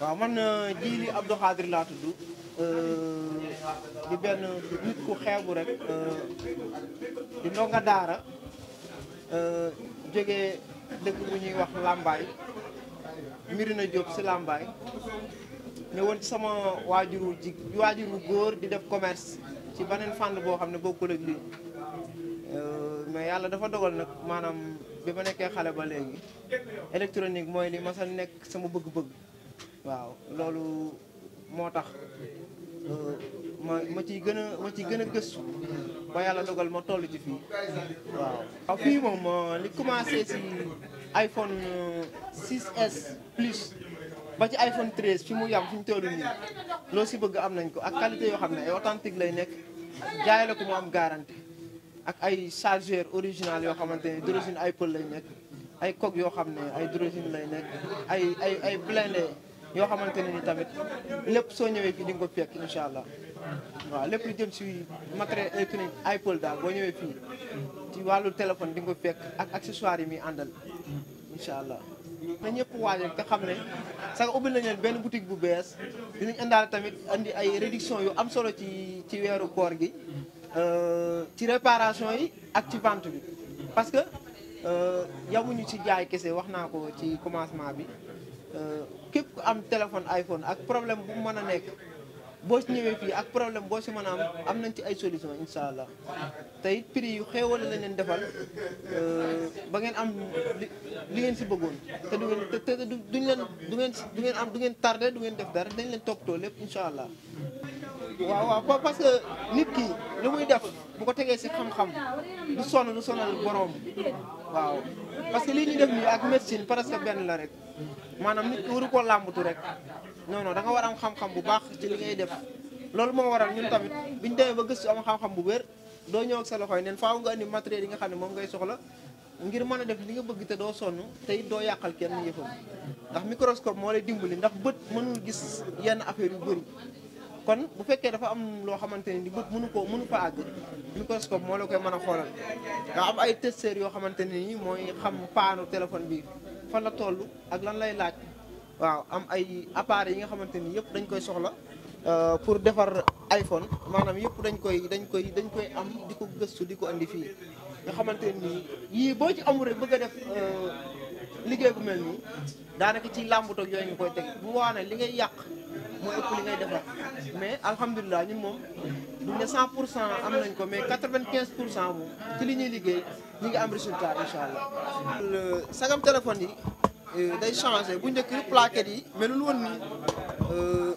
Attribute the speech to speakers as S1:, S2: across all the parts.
S1: waaw man Djily euh, Abdou Khadre laa tudd euh, di benn nit ku xeebu rek euh, di ndonga daara jóge dëkk bu ñuy wax mbiri na Diop si Lambaye ñëwoon ci sama waajuru ji waajuru góor di def commerce ci beneen fànn boo xam ne bokkul ak lii mais yàlla dafa dogal nag maanaam bi ma nekkee xale ba léegi électronique mooy lii ma sa nekk sama bëgg-bëgg waaw loolu moo tax ma ma ciy gën a ma ciy gën a gëstu ba yàlla dogal ma toll ci fii waaw. waaw fii moom li commencé si iPhone 6S plus ba ci iPhone 13 fi mu yam fi ñu toll nii loo si bëgg am nañ ko ak qualité yoo xam ne ay authentique lay nekk jaay la ko mu am garantie ak ay chargeur original yoo xamante ne d'origine Apple lay nekk ay coque yoo xam ne ay d'origine lay nekk ay ay ay blindé yoo xamante ne ni tamit lépp soo ñëwee fii di ko fekk incha allah waaw lépp lu jëm si matériel électronique Apple daal boo ñëwee fii ci wàllu téléphone di nga ko fekk ak accessoires yi muy àndal incha allah. na ñëpp waajal te xam ne sax ubbil nañ benn boutique bu bees dinañ indaal tamit andi ay réduction yu am solo ci ci weeru koor gi euh, ci réparation yi ak ci vente bi parce que euh, yamuñu ci jaay kese wax naa ko ci commencement bi. Euh, képp ku am téléphone iPhone ak problème bu mën a nekk boo si ñëwee fii ak problème boo si mën a am am nañ ci ay solution incha allah tey it prix yu xéewal lañ leen defal euh, ba ngeen am li li ngeen si bëggoon te du ngeen te duñ leen du ngeen du ngeen am du ngeen tardé du ngeen def dara dañ leen toppatoo lépp incha allah. waaw waaw parce nit ki li muy def bu ko tegee si xam-xam du sonn du sonal boroom waaw parce que lii ñuy def nii ak médecine presque benn la rek. manam nit wuru ko lambatu rek non non da nga war am xam xam bu baax ci li ngay def lolou mo waral ñun tamit biñu dewe ba gëss ci am xam xam bu wër do ñew ak sa loxoy neen faaw nga andi matériel yi nga xamne mom ngay soxla ngir mëna def li nga bëgg te do sonu te do yakal kenn yëfum ndax microscope mo lay dimbali ndax bëtt mënu gis yenn affaire yu bari kon bu fekkee dafa am loo xamanteni ni bët mënu ko mënu ko àgg microscope moo la koy mën a xoolal nga am ay testeur yoo xamanteni ni mooy xam paanu téléphone bi fan la toll ak lan lay laaj waaw am ay appareils yi nga xamante ni yëpp dañ koy soxla euh, pour defar iPhone maanaam yëpp dañ koy dañ koy dañ koy am di ko gëstu di ko andi fii nga xamante ni yii boo ci amul rek bëgg a def euh, liggéey bu mel nii daanaka ci làmbutoog yooyu nga koy teg bu waane li ngay yàq moo ëpp li ngay defar mais alhamdulilah ñun moom duñ ne 100 pour cent am nañ ko mais 95 pour cent moom ci li ñuy liggéey ñu ngi am résultat incha allah. sagam téléphone yi euh, day changé bu njëkk plaquettes yi melul woon nii euh,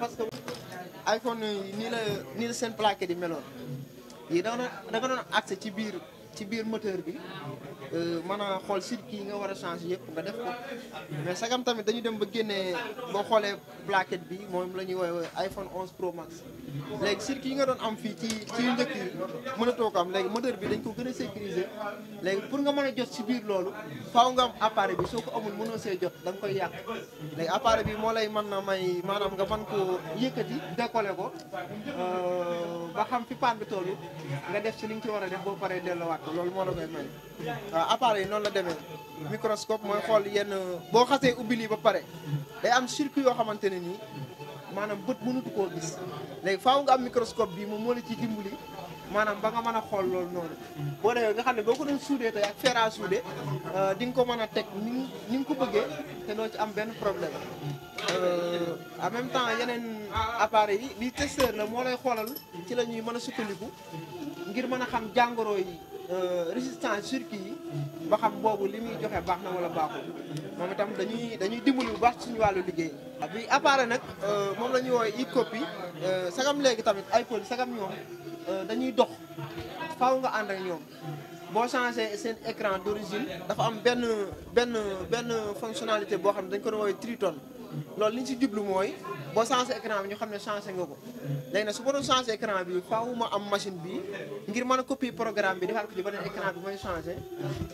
S1: parce que iPhone yi nii la nii la seen plaquettes yi meloon yi da nga doon da ci biir ci biir moteur bi. Euh, man a xool circuit yi nga war a changer yëpp nga def ko mais sagam tamit dañu dem ba génnee boo xoolee plaquette bi moom la ñuy woowee iPhone 11 Pro Max léegi circuit yi nga doon am fii ci ci yu njëkk yi mënatoo ko am léegi moteur bi dañ ko gën a sécuriser léegi pour nga mën a jot si biir loolu faw nga am appareil bi soo ko amul mënoo see jot da koy yàq léegi appareil bi moo lay man na may maanaam nga mën koo yëkkati décoller ko euh, ba xam fi paan bi toll nga def ci li nga ci war a def boo paree delluwaat ko loolu moo la koy may appareil euh, yi noonu la demee microscope mooy xool yenn boo xasee ubbi lii ba pare day am circuit yoo xamante ne nii maanaam bët mënatu koo gis léegi faaw nga am microscope bii moom moo la ciy dimbali maanaam ba nga man a xool loolu noonu boo defee nga xam ne boo ko doon suudee tey ak fer à souder euh, di nga ko mën a teg ni ni nga ko bëggee te doo ci am benn problème euh, en même temps yeneen appareil yi li testeur la moo lay xoolal ci la ñuy mën a sukkandiku ngir mën a xam jàngoro yi résistance surki ba xam bobu limi joxe baxna wala baxu mom tam dañuy dañuy dimbali bu baax suñu walu liggéey bi appare nak mom lañuy woy e copy sagam legi tamit iphone sagam ñom eh, dañuy dox faaw nga and ak ñom bo changer sen écran d'origine dafa am ben ben ben fonctionnalité bo xam dañ ko woy triton loolu li ñu si jublu mooy boo changé écran bi ñu xam ne changé nga ko léegi nag su ko doon changé écran bi faaw ma am machine bi ngir mën a copier programme bi defaat ko ci beneen écran bi mooy changé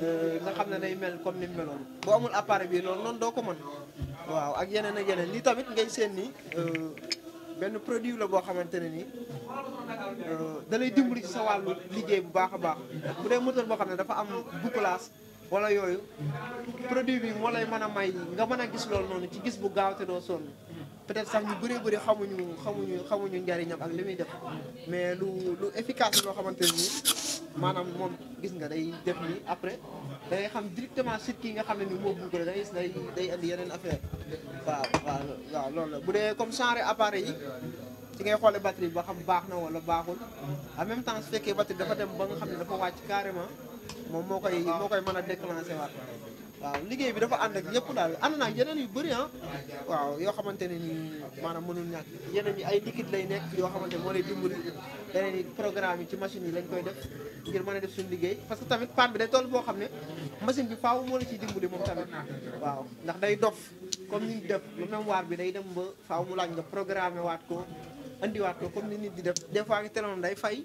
S1: euh, nga xam ne nay mel comme ni mu meloon boo amul appareil bi loolu noonu doo ko mën waaw ak yeneen ak yeneen li tamit ngay seen ni euh, benn produit la boo xamante ne nii euh, da lay ci sa wàllu liggéey bu baax a baax bu dee moteur boo xam ne dafa am bouclage wala yooyu produit bi moo lay mën a may nga mën a gis loolu noonu ci gis bu gaaw te doo sonn peut-être sax ñu bëree bëri xamuñu xamuñu xamuñu njariñam ak li muy def mais lu lu efficace loo xamante ni maanaam moom gis nga day def nii après da ngay xam directement site ki nga xam ne ni moo bugg da gis day day andi yeneen affaire waaw waaw loolu la bu dee comme genre appareil yi ci ngay xoolee batterie ba xam baax na wala baaxul en même temps su fekkee batterie dafa dem ba nga xam ne dafa wàcc carrément moom moo koy moo a mën a déclenché waat waaw liggéey bi dafa ànd ak yëpp daal ànd naa yeneen yu bëri ah waaw yoo xamante ne ni maanaam mënul ñàkk yeneen yi ay liquide lay nekk yoo xamante moo lay dimbali yeneen yi programme yi machine yi lañ koy def ngir mën a def suñ liggéey parce que tamit panne bi day toll boo xam ne machine bi faaw moo la ciy dimbali moom tamit waaw ndax day dof comme ni ñu def lu même waar bi day dem ba faaw mu laaj nga programmé waat ko andiwaat ko comme ni nit di def des fois nga téléphone day fay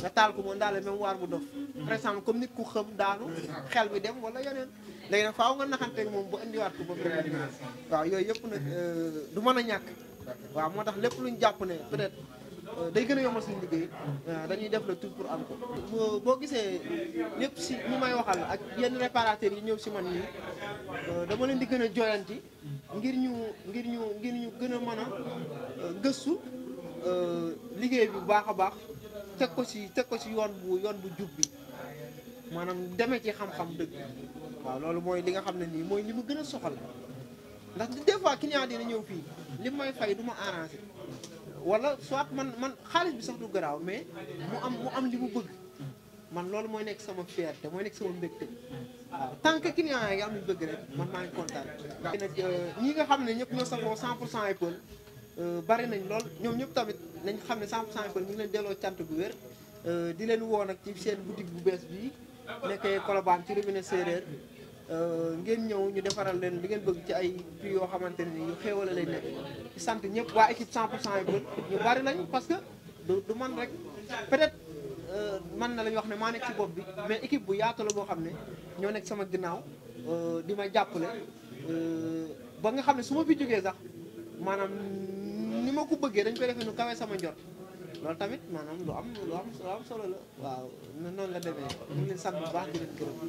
S1: nga taal ko moom daal même waar bu dof par exemple comme nit ku xëm daanu xel bi dem wala yeneen léegi nag faaw nga naxanteeg moom bu indiwaat ko ba vraiment waaw yooyu yëpp nag euh, du mën a ñàkk waaw moo tax lépp luñ jàpp ne peut-être euh, day gën a yombal si liggéey euh, dañuy def le tout am ko boo gisee ñëpp si ñu may waxal ak yenn réparateurs yi ñëw si man nii dama leen di gën a joyanti ngir ñu ngir ñu ngir ñu gën a mën a ngëstu liggéey bi bu baax a baax teg ko si teg ko si yoon bu yoon bu jub bi maanaam demee ci xam-xam dëgg waaw loolu mooy li nga xam ne nii mooy li mu gën a soxal ndax des fois client dina ñëw fii li may fay du ma arrangé wala soit man man xaalis bi sax du garaaw mais mu am mu am li mu bëgg man loolu mooy nekk sama fierté mooy nekk sama mbégte waaw tant que client yi nga am luñ bëgg rek man maa ngi kontaan nag euh, nga xam ne ñëpp ñoo safoo 100 cent Apple euh, bari nañ lool ñoom ñëpp tamit nañ xam ne 100 pour cent Apple ñu ngi leen delloo cant bu wér euh, di leen woo nag ci seen boutique bu bees bii nekkee Colobane ci robinet séeréer euh, ngeen ñëw ñu defaral leen li ngeen bëgg ci ay prix yoo xamante ni yu xéewale lay nekk di sant ñëpp waa équipe 100 pour cent yi ñu bari lañu parce que du man rek peut-être euh, man na la ñu wax ne maa nekk ci bopp bi mais équipe bu yaatu la boo xam ne ñoo nekk sama ginnaaw euh, di ma jàppale ba nga xam ne su ma fi jógee sax maanaam ni ma ko bëggee dañ koy defee nu kawee sama njort loolu tamit maanaam lu am lu am lu am solo la waaw noonu la demee ñu ngi leen sant bu baax di